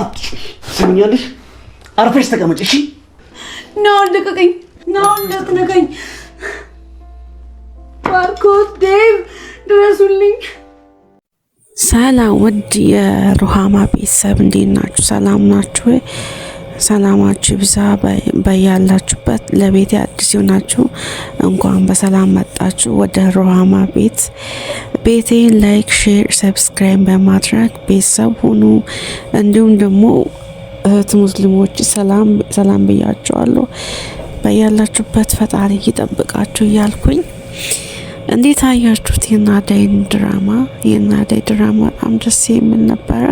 አትጩ። ስሚኛለሽ? አርፈሽ ተቀመጭ። እሺ። ናሆን ልቀቀኝ! ናሆን ልቀቀኝ! ባርኮት፣ ዴቭ ድረሱልኝ። ሰላም ውድ የሩሃማ ቤተሰብ እንዴት ናችሁ? ሰላም ናችሁ? ሰላማችሁ ይብዛ በያላችሁበት። ለቤት አዲስ የሆናችሁ እንኳን በሰላም መጣችሁ ወደ ሩሃማ ቤት ቤቴን ላይክ፣ ሼር፣ ሰብስክራይብ በማድረግ ቤተሰብ ሁኑ። እንዲሁም ደግሞ እህት ሙስሊሞች ሰላም ብያቸዋለሁ። በያላችሁበት ፈጣሪ ይጠብቃችሁ እያልኩኝ እንዴት አያችሁት? የአደይን ድራማ የናዳይ ድራማ በጣም ደስ የሚል ነበረ።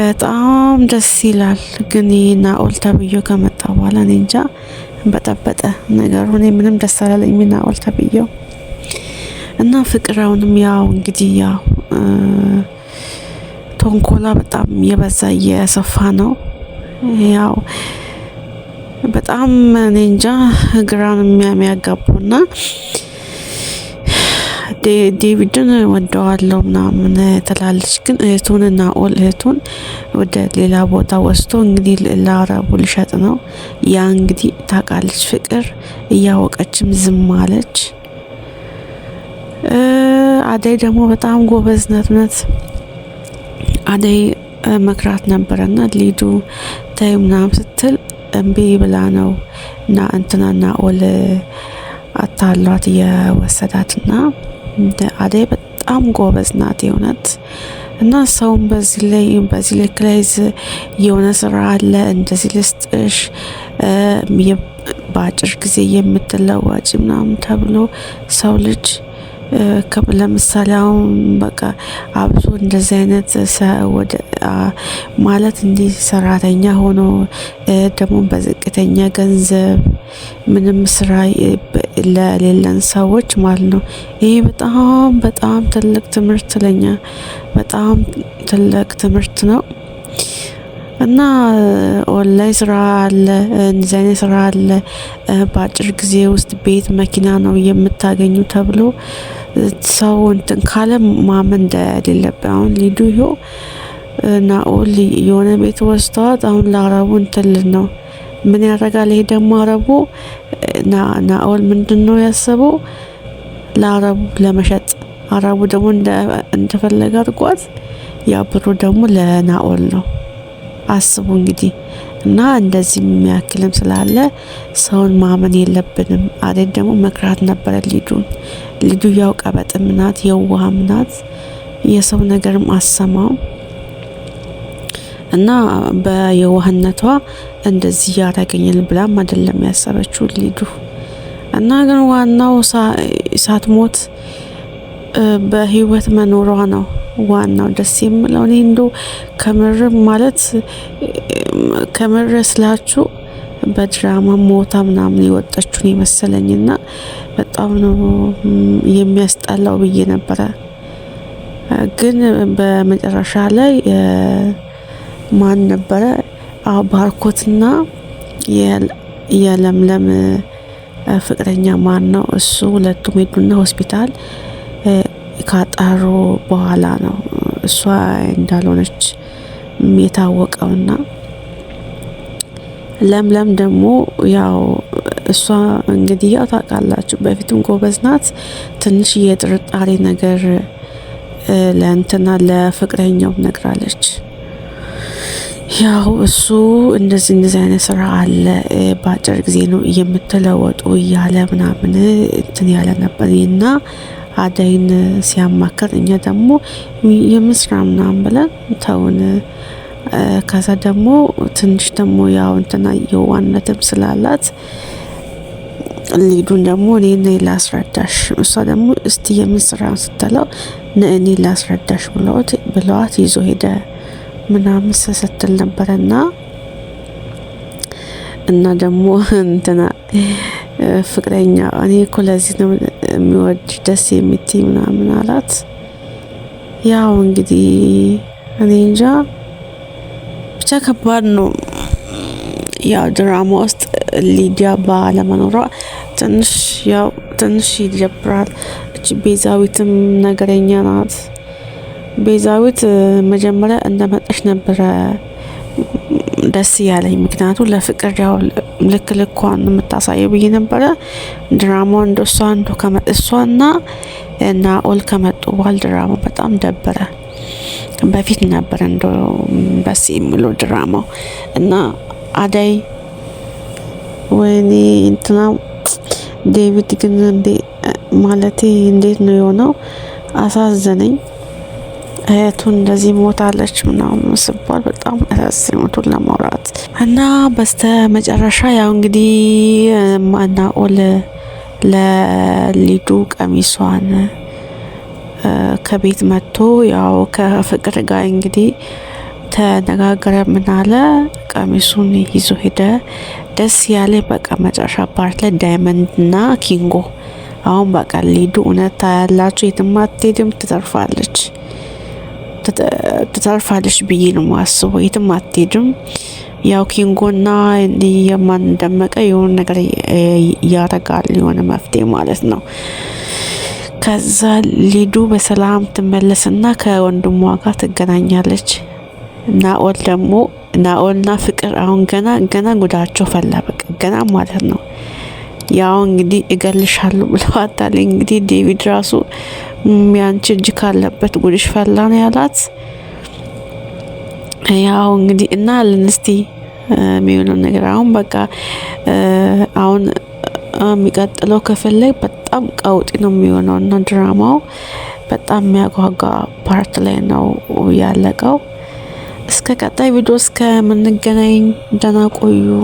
በጣም ደስ ይላል። ግን ናኦል ተብዮ ከመጣ በኋላ እኔ እንጃ በጠበጠ ነገር ሆኔ ምንም ደስ አላለኝ ናኦል ተብዮ እና ፍቅራውንም ያው እንግዲህ ያው ተንኮላ በጣም የበዛ እየሰፋ ነው። ያው በጣም እኔ እንጃ ግራን የሚያጋቡና ዴቪድን ወደዋለው ምናምን ትላለች፣ ግን እህቱን እና ኦል እህቱን ወደ ሌላ ቦታ ወስዶ እንግዲህ ለአረቡ ልሸጥ ነው። ያ እንግዲህ ታውቃለች ፍቅር እያወቀችም ዝም አለች። አደይ ደግሞ በጣም ጎበዝ ናት። እውነት አደይ መክራት ነበረና ሊዱ ተይ ምናምን ስትል እምቢ ብላ ነው እና እንትናና ኦል አታሏት የወሰዳትና አደይ በጣም ጎበዝ ናት የእውነት እና ሰውም በዚህ ላይ በዚህ ልክ ላይ የሆነ ስራ አለ እንደዚህ ልስጥሽ በአጭር ጊዜ የምትለዋጭ ምናምን ተብሎ ሰው ልጅ ለምሳሌ አሁን በቃ አብሶ እንደዚህ አይነት ማለት እንዲህ ሰራተኛ ሆኖ ደግሞ በዝቅተኛ ገንዘብ ምንም ስራ ለሌለን ሰዎች ማለት ነው። ይሄ በጣም በጣም ትልቅ ትምህርት ለኛ በጣም ትልቅ ትምህርት ነው። እና ኦንላይን ስራ አለ፣ ዲዛይን ስራ አለ። በአጭር ጊዜ ውስጥ ቤት፣ መኪና ነው የምታገኙ ተብሎ ሰው እንትን ካለ ማመን እንደሌለብን አሁን ሊዱ እና ናኦል የሆነ ቤት ወስተዋት አሁን ለአረቡ እንትል ነው ምን ያደርጋል? ይሄ ደግሞ አረቡ ናኦል ምንድን ነው ያሰበው ለአረቡ ለመሸጥ አረቡ ደግሞ እንደፈለገ አድርጓት፣ ያ ብሩ ደግሞ ለናኦል ነው። አስቡ እንግዲህ እና እንደዚህ የሚያክልም ስላለ ሰውን ማመን የለብንም። አዴን ደግሞ መክራት ነበረ ልጁን። ልጁ ያው ቀበጥም ናት፣ የዋህም ናት፣ የሰው ነገርም አሰማው እና በየዋህነቷ እንደዚህ ያደረገኛል ብላም አይደለም ያሰበችው ልጁ እና ግን ዋናው ሳትሞት በህይወት መኖሯ ነው። ዋናው ደስ የምለው እኔ እንዶ ከምር ማለት ከምር ስላችሁ በድራማ ሞታ ምናምን የወጣችሁን የመሰለኝና በጣም ነው የሚያስጠላው ብዬ ነበረ። ግን በመጨረሻ ላይ ማን ነበረ ባርኮትና የለምለም ፍቅረኛ ማን ነው እሱ ሁለቱም ሄዱና ሆስፒታል ካጣሩ በኋላ ነው እሷ እንዳልሆነች የታወቀውና ለምለም ደግሞ ያው እሷ እንግዲህ ያው ታውቃላችሁ በፊትም ጎበዝ ናት። ትንሽ የጥርጣሬ ነገር ለእንትና ለፍቅረኛው ነግራለች። ያው እሱ እንደዚህ እንደዚህ አይነት ስራ አለ፣ በአጭር ጊዜ ነው የምትለወጡ እያለ ምናምን እንትን ያለ ነበር እና አደይን ሲያማከር እኛ ደግሞ የምስራ ምናምን ብለን ተውን። ከዛ ደግሞ ትንሽ ደግሞ ያው እንትና የዋነትም ስላላት ሊዱን ደግሞ እኔ ነይ ላስረዳሽ፣ እሷ ደግሞ እስቲ የምስራ ስትለው እኔ ላስረዳሽ ብለዋት ብለዋት ይዞ ሄደ ምናምን ስትል ነበረና እና ደግሞ እንትና ፍቅረኛ እኔ እኮ ለዚህ ነው የሚወድ ደስ የምትይ ምናምን አላት። ያው እንግዲህ እኔ እንጃ ብቻ ከባድ ነው። ያው ድራማ ውስጥ ሊዲያ ባለመኖሯ ትንሽ ያው ትንሽ ይደብራል። እች ቤዛዊትም ነገረኛ ናት። ቤዛዊት መጀመሪያ እንደመጣች ነበረ ደስ ያለኝ፣ ምክንያቱ ለፍቅር ያው ልክ ልኳን የምታሳየው ብዬ ነበረ። ድራማ ድራማው እሷ አንዱ እና ኦል ከመጡ በኋላ ድራማ በጣም ደበረ። በፊት ነበረ እንደ በስ የሚለው ድራማው እና አደይ ወይኔ እንትና ዴቪድ ግን እንዴ ማለቴ እንዴት ነው የሆነው? አሳዘነኝ። እህቱ እንደዚህ ሞታለች ምናምን ስባል በጣም አሳዛኝ እውነቱን ለማውራት እና በስተ መጨረሻ ያው እንግዲህ ናኦል ለሊዱ ቀሚሷን ከቤት መጥቶ ያው ከፍቅር ጋር እንግዲህ ተነጋገረ። ምናለ ቀሚሱን ይዞ ሄደ። ደስ ያለ በቃ መጨረሻ ፓርት ላይ ዳይመንድ ዳይመንድና ኪንጎ አሁን በቃ ሊዱ እውነት ታያላችሁ፣ የትም አትሄድም፣ ትተርፋለች። ትተርፋለች ብዬ ነው ማስበው። የትም አትሄድም። ያው ኪንጎና የማን ደመቀ የሆነ ነገር ያረጋል፣ የሆነ መፍትሄ ማለት ነው። ከዛ ሊዱ በሰላም ትመለስና ከወንድሟ ጋር ትገናኛለች። ናኦል ደግሞ ናኦልና ፍቅር አሁን ገና ገና ጉዳቸው ፈላ፣ በቃ ገና ማለት ነው ያው እንግዲህ እገልሻለሁ ብለዋታል። እንግዲህ ዴቪድ ራሱ ያንቺ እጅ ካለበት ጉድሽ ፈላ ነው ያላት። ያው እንግዲህ እና ልንስቲ የሚሆነው ነገር አሁን በቃ አሁን የሚቀጥለው ክፍል ላይ በጣም ቀውጢ ነው የሚሆነው እና ድራማው በጣም የሚያጓጓ ፓርት ላይ ነው ያለቀው። እስከ ቀጣይ ቪዲዮ እስከምንገናኝ ደህና ቆዩ።